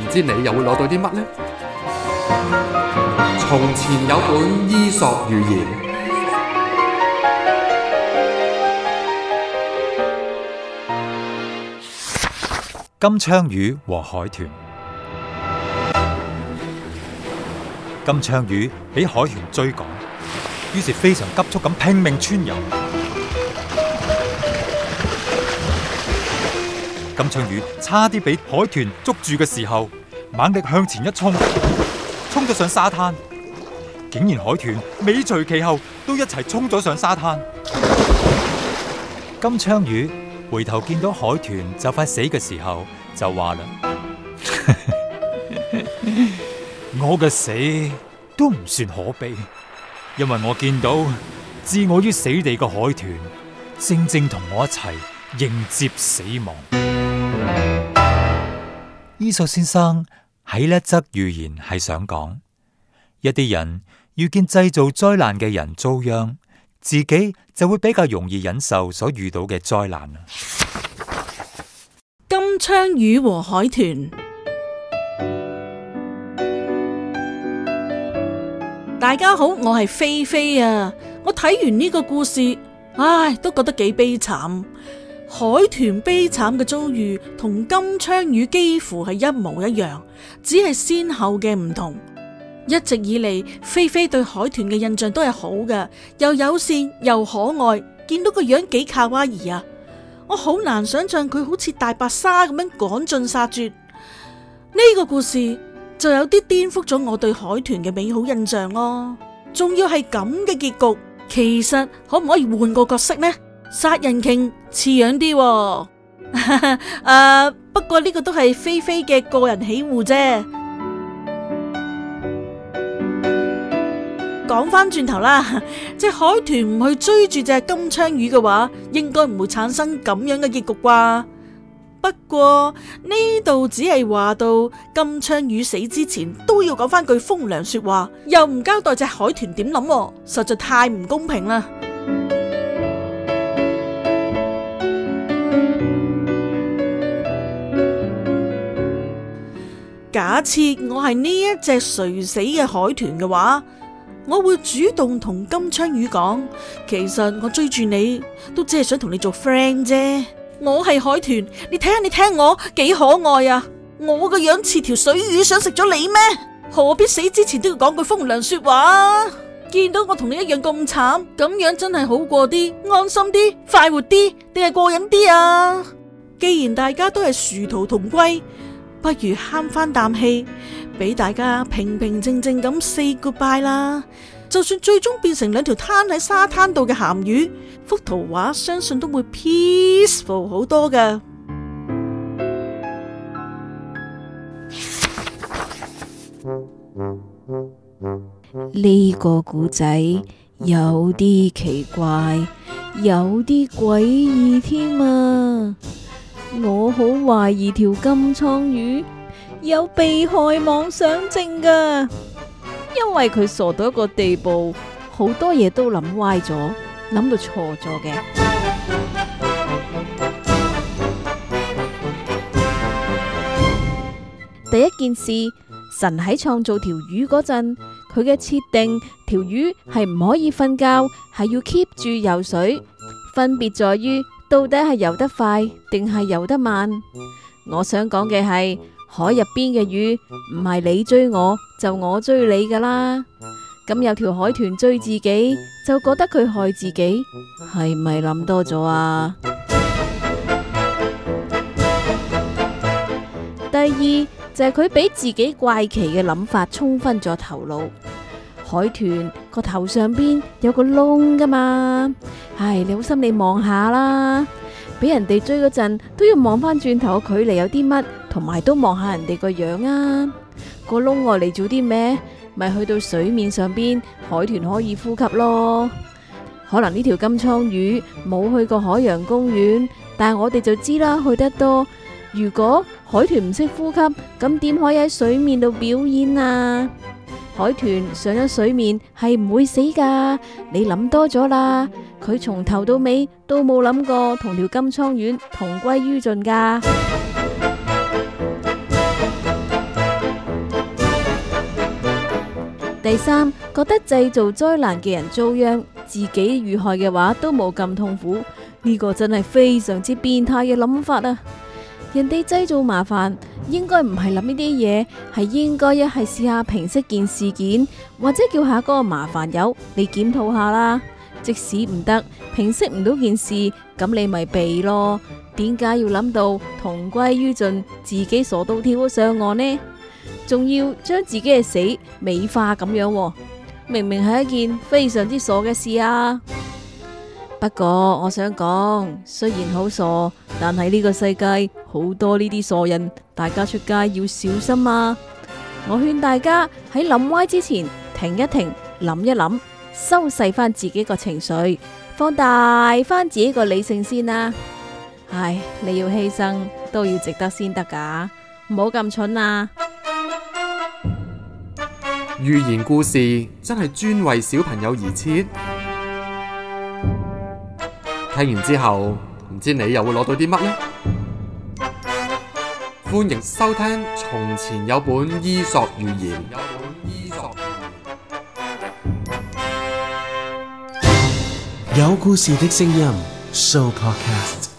唔知你又會攞到啲乜呢？從前有本伊索寓言，《金槍魚和海豚》。金槍魚俾海豚追趕，於是非常急速咁拼命穿游。金槍魚差啲俾海豚捉住嘅時候，猛力向前一衝，衝咗上沙灘，竟然海豚尾隨其後，都一齊衝咗上沙灘。金槍魚回頭見到海豚就快死嘅時候，就話啦： 我嘅死都唔算可悲，因為我見到置我於死地嘅海豚，正正同我一齊迎接死亡。伊索先生。.喺呢則寓言係想講，一啲人遇見製造災難嘅人遭殃，自己就會比較容易忍受所遇到嘅災難。金槍魚和海豚。大家好，我係菲菲啊！我睇完呢個故事，唉，都覺得幾悲慘。海豚悲慘嘅遭遇同金槍魚幾乎係一模一樣，只係先後嘅唔同。一直以嚟，菲菲對海豚嘅印象都係好嘅，又友善又可愛，見到個樣幾卡哇伊啊！我好難想象佢好似大白鯊咁樣趕盡殺絕。呢、這個故事就有啲顛覆咗我對海豚嘅美好印象咯。仲要係咁嘅結局，其實可唔可以換個角色呢？殺人鯨似樣啲，誒、哦 啊，不過呢個都係菲菲嘅個人喜惡啫。講翻轉頭啦，隻海豚唔去追住隻金槍魚嘅話，應該唔會產生咁樣嘅結局啩。不過呢度只係話到金槍魚死之前都要講翻句風涼說話，又唔交代隻海豚點諗，實在太唔公平啦。假設我係呢一隻垂死嘅海豚嘅話，我會主動同金槍魚講：其實我追住你都只係想同你做 friend 啫。我係海豚，你睇下你睇下我幾可愛啊！我個樣似條水魚想食咗你咩？何必死之前都要講句風涼說話啊？見到我同你一樣咁慘，咁樣真係好過啲，安心啲，快活啲，定係過癮啲啊？既然大家都係殊途同歸。不如慳翻啖氣，俾大家平平靜靜咁 say goodbye 啦。就算最終變成兩條攤喺沙灘度嘅咸魚，幅圖畫相信都會 peaceful 好多㗎。呢個古仔有啲奇怪，有啲詭異添啊！我好懷疑條金槍魚有被害妄想症㗎，因為佢傻到一個地步，好多嘢都諗歪咗，諗到錯咗嘅。第一件事，神喺創造條魚嗰陣，佢嘅設定條魚係唔可以瞓覺，係要 keep 住游水，分別在於。到底係游得快定係游得慢？我想講嘅係，海入邊嘅魚唔係你追我，就我追你㗎啦。咁有條海豚追自己，就覺得佢害自己，係咪諗多咗啊？第二，就係佢畀自己怪奇嘅諗法沖昏咗頭腦。海豚個頭上邊有個窿㗎嘛？唉，你好心看看，你望下啦。俾人哋追嗰陣都要望返轉頭距離有啲乜，同埋都望下人哋個樣啊。個窿愛嚟做啲咩？咪去到水面上邊，海豚可以呼吸咯。可能呢條金槍魚冇去過海洋公園，但係我哋就知啦，去得多。如果海豚唔識呼吸，咁點可以喺水面度表演啊？海豚上咗水面係唔會死噶，你諗多咗啦。佢從頭到尾都冇諗過同條金槍魚同歸於盡噶。第三，覺得製造災難嘅人遭殃，自己遇害嘅話都冇咁痛苦，呢個真係非常之變態嘅諗法啊！人哋製造麻煩。應該唔係諗呢啲嘢，係應該一係試下平息件事件，或者叫下嗰個麻煩友你檢討下啦。即使唔得平息唔到件事，咁你咪避咯。點解要諗到同歸於盡，自己傻到跳上岸呢？仲要將自己嘅死美化咁樣，明明係一件非常之傻嘅事啊！不過我想講，雖然好傻。但係呢個世界好多呢啲傻人，大家出街要小心啊！我勸大家喺諗歪之前停一停，諗一諗，收細翻自己個情緒，放大翻自己個理性先啦啊。唉，你要犧牲都要值得先得噶，唔好咁蠢啊！寓言故事真係專為小朋友而設，聽完之後。唔知你又會攞到啲乜呢？歡迎收聽《從前有本伊索寓言》，有故事的聲音 Sooo Podcast。